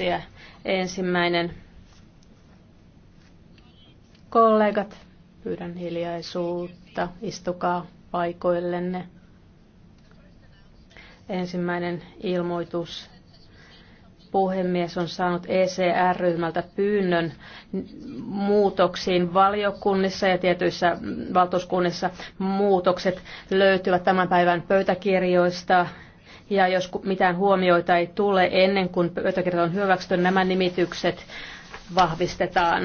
kysymyksiä. Ensimmäinen. Kollegat, pyydän hiljaisuutta. Istukaa paikoillenne. Ensimmäinen ilmoitus. Puhemies on saanut ECR-ryhmältä pyynnön muutoksiin valiokunnissa ja tietyissä valtuuskunnissa. Muutokset löytyvät tämän päivän pöytäkirjoista ja jos mitään huomioita ei tule ennen kuin pöytäkirjat on hyväksytty, nämä nimitykset vahvistetaan.